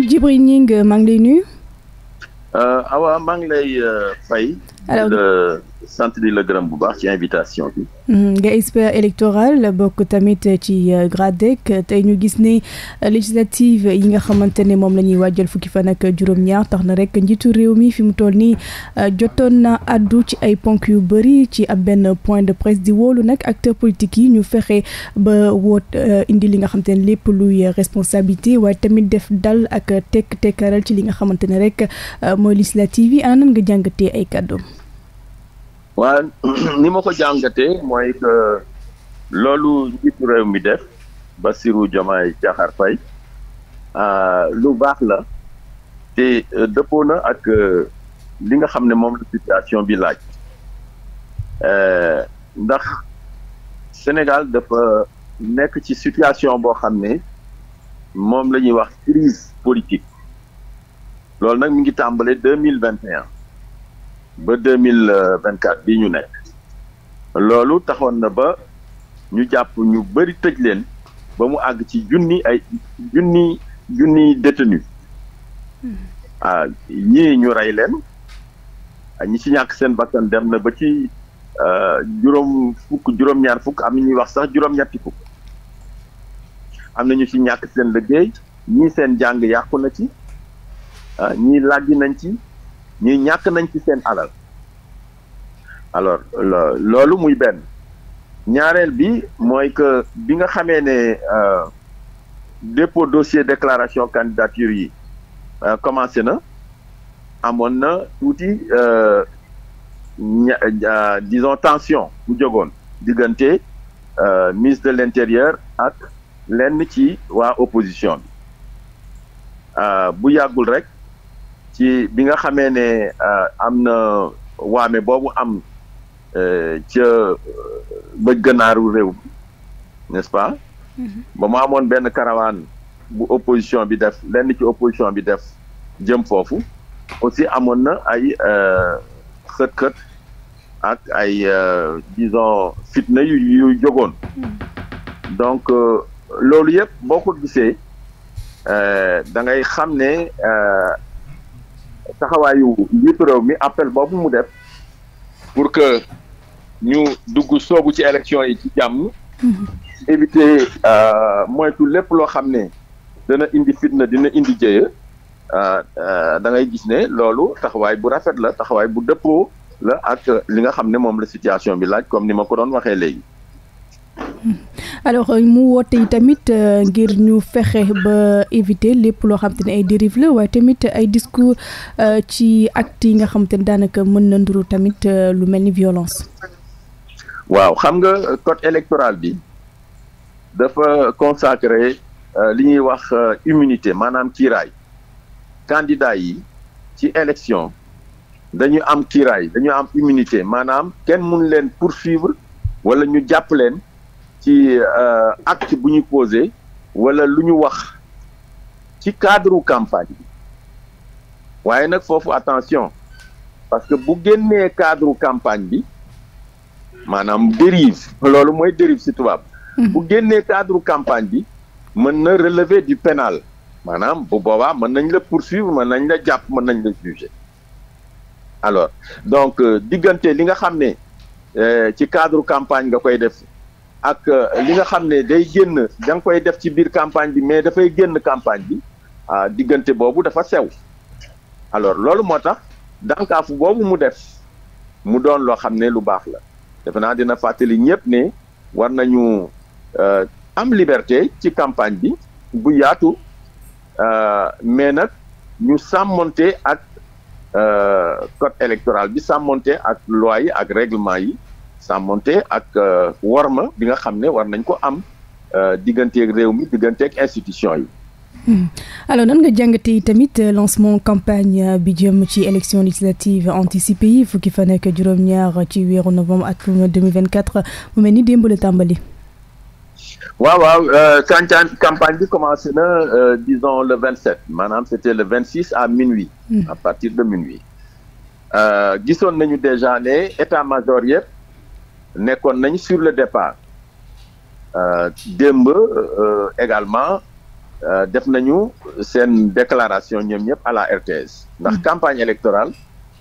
Djibril Gningue maa ngi lay nuyu. Euh, Awa maa ngi lay euh, fay. alors de électorale di la bokk tamit ci euh, GRADEC tey ñu gis ni euh, législative yi nga xamante ne moom la ñuy waajal fukki fa ak juróom-ñaar tax na rek njiitu réew mi fi mu toll nii euh, jotoon na addu ci ay ponk yu bëri ci ab benn point de presse di woolu nag acteurs politiques yi ñu fexe ba woot indi li nga xamante ne lépp luy responsabilité waaye tamit def dal ak tekk tekkaral ci li nga xamante ne rek mooy législative yi anan nga jàngatee ay kàddu. waa ni ma ko jàngatee mooy loolu njiitu réew mi def Bassirou Diomaye Diakhar Faye ah, lu baax la te euh, dëppoo na ak euh, li nga xam ne moom la situation bi laaj euh, ndax Sénégal dafa nekk ci situation boo xam ne moom la ñuy wax crise politique loolu nag mi ngi tàmbale deux mille vingt et un ba deux mille vingt quatre bii ñu nekk loolu taxoon na ba ñu jàpp ñu bëri tëj leen ba mu àgg ci junni ay junni junni détenu hmm. ah ñii ñu rey leen ah, ñi ci ñàkk seen bakkan dem na ba ci ah, juróom fukk juróom-ñaar fukk am na ñuy wax sax juróom-ñetti fukk am na ñu ci ñàkk seen liggéey ñii seen jàng yàqu na ci ah, ñii làggi nañ ci ñii ñàkk nañ ci seen alal alors loolu muy benn ñaareel bi mooy que bi nga xamee ne euh, dépôt dossier déclaration candidature yi euh, commencé na amoon na tuuti euh, dison tension bu jogoon diggante ministre de l'intérieur ak lenn ci waa opposition bi bu yàggul rek ci bi nga xamee ne euh, am na waame boobu am euh, ca euh, bëj gànnaaru réew n'est-ce pas mm-hmm. ba mu amoon benn karawaan bu opposition bi def lenn ci opposition bi def jëm foofu aussi amoon na ay xët-xët ak ay disons fitna yu yu jógoon mm-hmm. donc loolu yëpp boo ko gisee da ngay xam ne taxawaayu njiitu réew mi appel boobu mu def pour que ñu dugg soobu ci élection yi ci jàmm mhm. éviter euh, moytu lépp loo xam ne dana indi fitna dina indi jëye euh, euh, da ngay gis ne loolu taxawaay bu rafet la taxawaay bu dëppoo la ak li nga xam ne moom la situation bi laaj comme ni ma ko doon waxee léegi alors euh, mu woote yi tamit euh, ngir ñu fexe ba éviter lépp loo xam te ne ay dérive la waaye tamit ay discours euh, ci actes yi nga xam te daanaka mën na nduru tamit lu mel ni violence. waaw xam nga code électoral bi dafa consacré li ñuy wax immunité maanaam kiiraay candidat yi ci élection dañuy am kiiraay dañu am immunité maanaam kenn mun leen poursuivre wala ñu jàpp leen ci euh, act bu ñu posé wala lu ñu wax ci cadre campagne bi waaye nag foofu attention parce que bu génnee cadre campagne bi maanaam dérive loolu mooy dérive ci tubaab hmm. bu génnee cadre campagne bi mën na relever du pénal maanaam bu boobaa mën nañ la poursuivre mën nañ la jàpp mën nañ la juger alors donc euh, diggante li nga xam ne euh, ci cadre campagne nga koy def ak euh, li nga xam ne day génn da nga koy def ci biir campagne bi mais dafay génn campagne bi ah diggante boobu dafa sew alors loolu moo tax dankaafu boobu mu def mu doon loo xam ne lu baax la defe naa dina fàttali ñëpp ne war nañu euh, am liberté ci campagne bi bu yaatu euh, mais nag ñu sàmmonte ak code électoral bi sàmmonte ak loi yi ak règlement yi sàmmonte ak euh, war ma bi nga xam ne war nañ ko am euh, digganteeg réew mi digganteeg institution yi. Hmm. alors nan nga jàngatee tamit euh, lancement campagne bi jëm ci élection législative anticipée yi fukki fan ak juróom-ñaar ci weeru novembre atum 2024 mu mel ni démb la tàmbali. waaw waaw campagne bi commencé na disons le 27 maanaam c'était le 26 à minuit. Hmm. à partir de minuit. gisoon nañu déjà ne état major yëpp. nekkoon nañ sur le départ euh, démb euh, également euh, def nañu seen déclaration ñoom ñëpp à la RTS ndax hmm. campagne électorale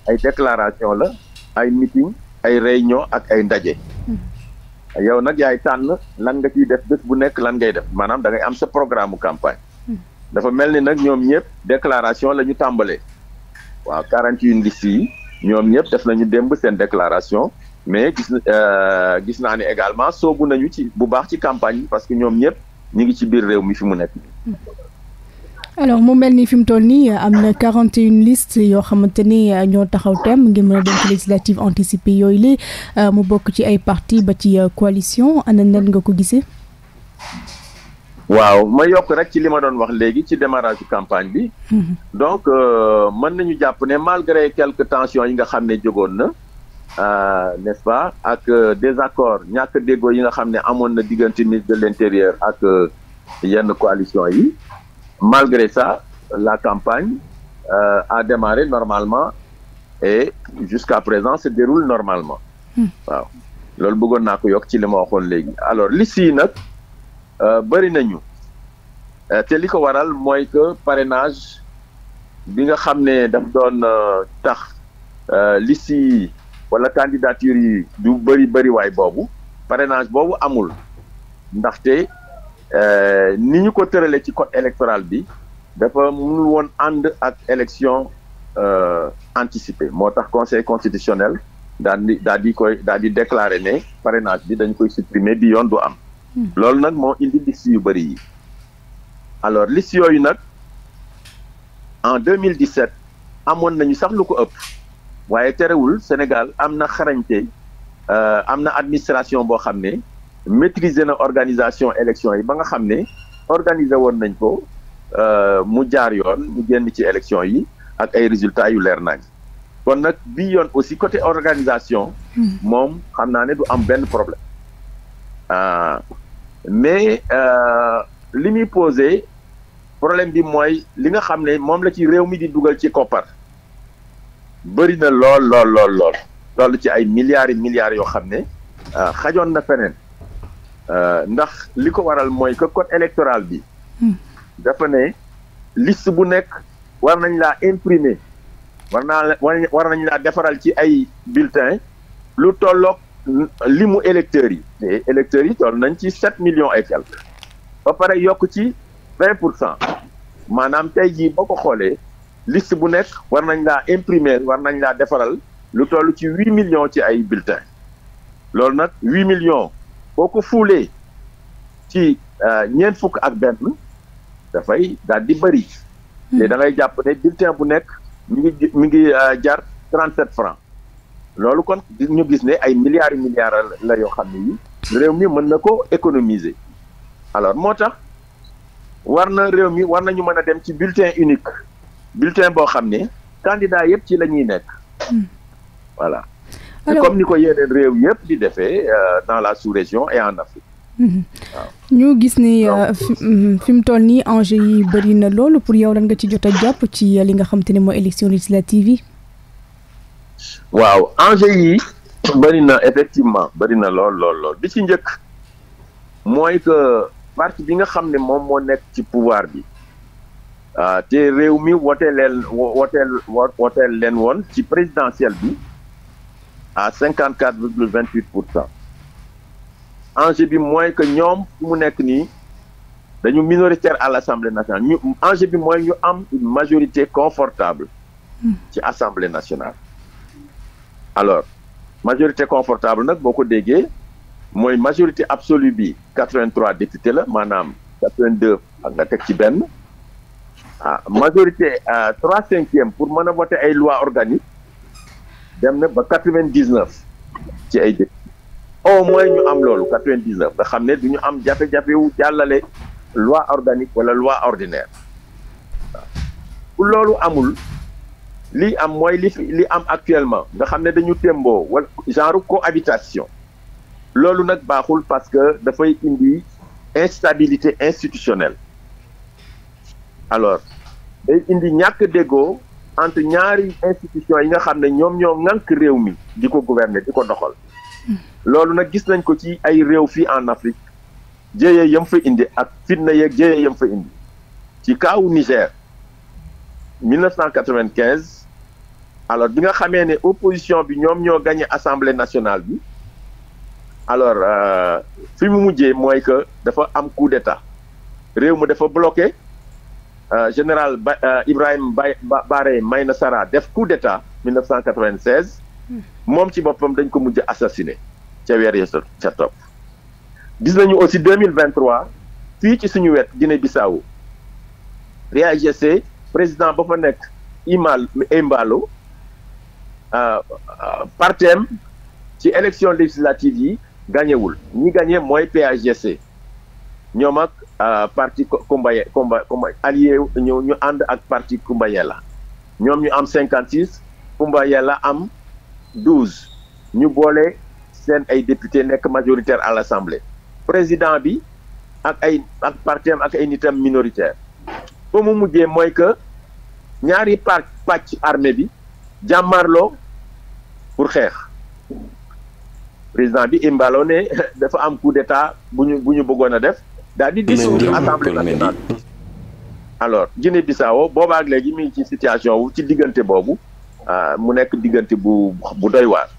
ay déclaration la ay meeting ay réunion ak ay ndaje hmm. yow nag yaay tànn lan nga ciy def bés bu nekk lan ngay def maanaam da ngay am sa programme campagne hmm. dafa mel ni nag ñoom ñëpp déclaration la ñu tàmbalee waaw quarante et une listes yi ñoom ñëpp def nañu démb seen déclaration mais gis euh, gis naa ne également soobu nañu ci bu baax ci campagne bi parce que ñoom ñëpp ñu ngi ci biir réew mi fi mu nekk. alors mu mel ni fi mu toll nii am na quarante yoo xamante ni ñoo taxaw tem ngir mën a dem ci législative anticipée yooyu li euh, mu bokk ci ay parti ba ci euh, coalition ana nan nga ko gisee. waaw ma yokk rek ci li ma doon wax léegi ci démarrage campagne bi. Mhm. donc mën nañu jàpp ne malgré quelques tensions yi nga xam ne jógoon na. Euh, n'est-ce pas ak des euh, désaccord ñàkk dégo yi nga xam ne amoon na diggante ministre de l'intérieur ak euh, yenn coalition yi malgré ça la campagne euh, a démarré normalement et jusqu'à présent se déroule normalement hmm. waaw loolu bëggoon naa ko yokk ci limoxoon ma léegi alors liste yi nag bëri nañu te li ko waral mooy que parrainage bi nga xam ne daf doon tax liste wala candidature yi du bëri bëri waay boobu parrainage boobu amul ndaxte euh, ni ñu ko tëralee ci code électoral bi dafa mënul woon ànd ak élection euh, anticipée moo tax conseil constitutionnel daal di daal di koy daal di déclarer ne parrainage bi dañ koy supprimer bi yoon du am. Hmm. loolu nag moo indi liste yu bëri yi. alors liste yooyu nag en mille 2017 amoon nañu sax lu ko ëpp. waaye terewul Sénégal am na xarañte euh, am na administration boo xam ne maitriser na organisation élection yi ba nga xam ne organiser woon nañ ko euh, mu jaar yoon mu génn ci élection yi ak ay résultats yu leer nañ kon nag bi yoon aussi côté organisation hmm. moom xam naa ne du am benn problème ah mais euh, li muy posé problème bi mooy li nga xam ne moom la ci réew mi di dugal ci koppar bëri na lool lool lool lool toll ci ay milliards yi yoo xam ne euh, xajoon na feneen euh, ndax li ko waral mooy que code électoral bi hmm. dafa ne liste bu nekk war nañ laa imprimer war naa war nañ laa defaral ci ay bulletin lu tolloog limu mu électeurs yi te électeurs yi toll nañ ci sept millions et ba pare yokk ci vingt pour cent maanaam tey jii boo ko xoolee liste bu nekk war nañ laa imprimer war nañ laa defaral lu toll ci huit million ci ay bulletins loolu nag huit million boo ko fuulee ci euh, ñeent fukk ak benn dafay daal di bëri. Hmm. te da jàpp ne bulletin bu nekk mi ngi mi ngi euh, jar trent sept francs loolu kon ñu gis ne ay milliards yu milliards la yoo xam ne yi réew mi mën na ko économiser alors moo tax war na réew mi war nañu mën a dem ci bulletin unique. bulletin boo xam ne candidat yëpp ci lañuy ñuy nekk hmm. voilà comme ni ko yeneen réew yëpp di defee euh, dans la sous-région et en Afrique hmm. ñu gis ni euh, hmm, fi mu toll nii enjeu yi bëri na loolu pour yow lan nga ci jot a jàpp ci euh, li nga xam te ne mooy élection législative yi waaw enjeu yi bëri na effectivement bëri na lool lool lool bi ci njëkk mooy que parti bi nga xam ne moom moo nekk ci pouvoir bi Euh, te réew mi wote leen woteel woteel leen woon ci présidentielle bi à cinquante quatre virgule vingt huit pour cent enjeu bi mooy que ñoom fu mu nekk nii dañu minoritaire à l' assemblée nationale ñu bi mooy ñu am majorité confortable hmm. ci assemblée nationale alors majorité confortable nag boo ko déggee mooy majorité absolue bi 83 député la maanaam 82 ak nga teg ci benn ah majorité ah, trois cinquième pour mën a voter ay loi organique dem na ba quatre vingt dix neuf ci ay député au moins ñu am loolu quatre vingt dix neuf nga xam ne du ñu am jafe-jafe jàllale loi organique wala loi ordinaire waaw loolu amul li am moy li li am actuellement nga xam ne dañu témboo wala genre cohabitation loolu nag baaxul parce que dafay indi instabilité institutionnelle alors day indi ñàkk déggoo entre ñaari institution yi nga xam ne ñoom ñoo ŋànk réew mi di ko gouverner di ko doxal loolu nag gis nañ ko ci ay réew fii en Afrique jéyee yam fa indi ak fitna yeeg jéyee yam fa indi ci kaawu Niger 1995 alors bi nga xamee ne opposition bi ñoom ñoo gagné assemblée nationale bi alors euh, fi mu mujjee mooy que dafa am coup d'état réew mi dafa bloqué Euh, général ba euh, Ibrahim ba Baré Mayna Sara def coup d'état 1996 hmm. moom ci boppam dañ ko mujj assassiné ca weer ya ca topp gis nañu aussi fii ci suñu wet Guinée Bissau réagissé président ba fa nekk Imal Embalo euh, partem ci élection législative yi gañewul ñi gañe mooy PAGC ñoom ak euh, parti Kumbaya Kumba Kumba allié ñu ñu ànd ak parti Kumbayela ñoom ñu am cinquante six Kumbayela am douze ñu boole seen ay député nekk majoritaire à l'Assemblée président bi ak ay ak partiam ak ay nitam minoritaire ba mu mujjee mooy que ñaari par pàcc armée bi jàmmarloo pour xeex président bi imbalo ne dafa am coup d'état bu ñu bu ñu bëggoon a def daal di dissoudre assemblée nationale alors Guinée Bissau boobaak léegi mi ngi ci situation ci diggante boobu ah, mu nekk diggante bu bu doy waar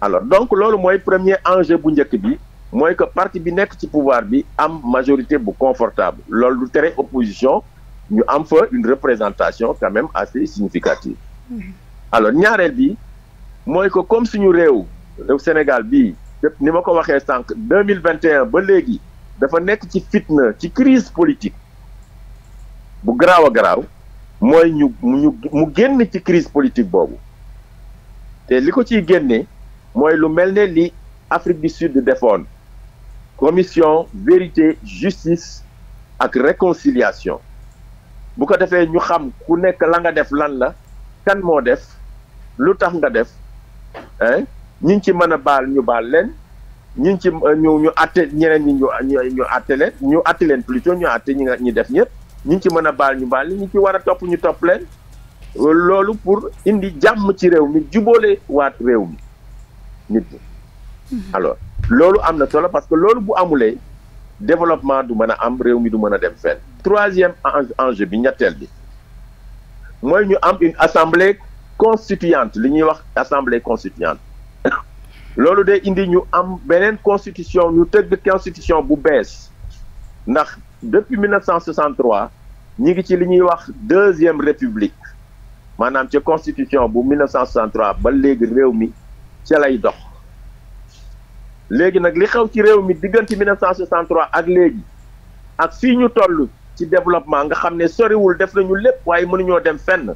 alors donc loolu mooy premier enjeu bu njëkk bi mooy que parti bi nekk ci pouvoir bi am majorité bu confortable loolu du tere opposition ñu am fa une représentation quand même assez significative mm-hmm. alors ñaareel bi mooy que comme suñu réew réew Sénégal bii ni ma ko waxee sànq deux mille vingt un ba léegi dafa nekk ci fitna ci crise politique bu garaaw a garaaw mooy ñu ñu mu génn ci crise politique boobu te li ko ciy génnee mooy lu mel ne li Afrique du Sud defoon commission vérité justice ak réconciliation bu ko defee ñu xam ku nekk la nga def lan la kan moo def lu tax nga def eh ñu ci mën a baal ñu baal leen ñi ci euh, ñu ñu atte ñeneen ñi ñu ñu atte leen ñu atte leen plutôt ñu atte ñi nga ñi def ñëpp ñi ci mën a baal ñu baal ñu ci war a topp ñu topp leen loolu pour indi jàmm ci réew mi jubóole waat réew mi nit ñi mhm. alors loolu am na solo parce que loolu bu amulee développement du mën a am réew mi du mën a dem fenn troisième enjeu bi ñetteel bi mooy ñu am une assemblée constituante li ñuy wax assemblée constituante loolu de indi ñu am beneen constitution ñu tëgg constitution bu bees ndax depuis 1963 ñi ngi ci li ñuy wax deuxième république maanaam ca constitution bu 1963 ba léegi réew mi ca lay dox léegi nag li xew ci réew mi diggante 1963 ak léegi ak fii ñu toll ci développement nga xam ne soriwul def nañu lépp waaye mënuñoo dem fenn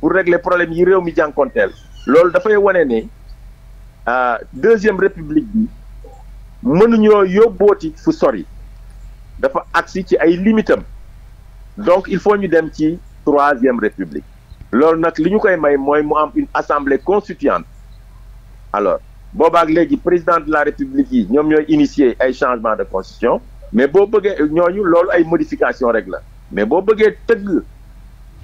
pour régler problème yi réew mi jànkonteel loolu dafay wane ne Euh, deuxième république bi mënuñoo yóbbooti fu sori dafa agsi ci ay limitam donc il faut ñu dem ci troisième république loolu nag li ñu koy may mooy mu am une assemblée constituante alors boobaak léegi président de la république yi ñoom ñooy initier ay changement de constitution mais boo bëggee ñooñu loolu ay modification rek la mais boo bëggee tëgg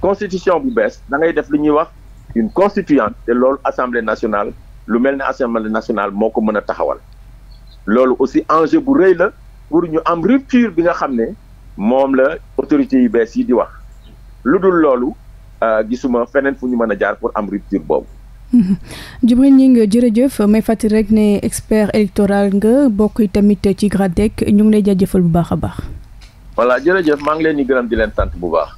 constitution bu bees da ngay def lu ñuy wax une constituante te loolu assemblée nationale lu mel ne assemblée nationale moo ko mën a taxawal loolu aussi enjeu bu rëy la pour ñu am rupture bi nga xam ne moom la autorités yu bees yi di wax lu dul loolu euh, gisuma feneen fu ñu mën a jaar pour am rupture boobu Djibril Gningue jërëjëf may fàttali rek ne expert électoral nga bokk tamit ci GRADEC ñu ngi lay jëfal bu baax a baax voilà jërëjëf maa ngi leen di gërëm di leen sant bu baax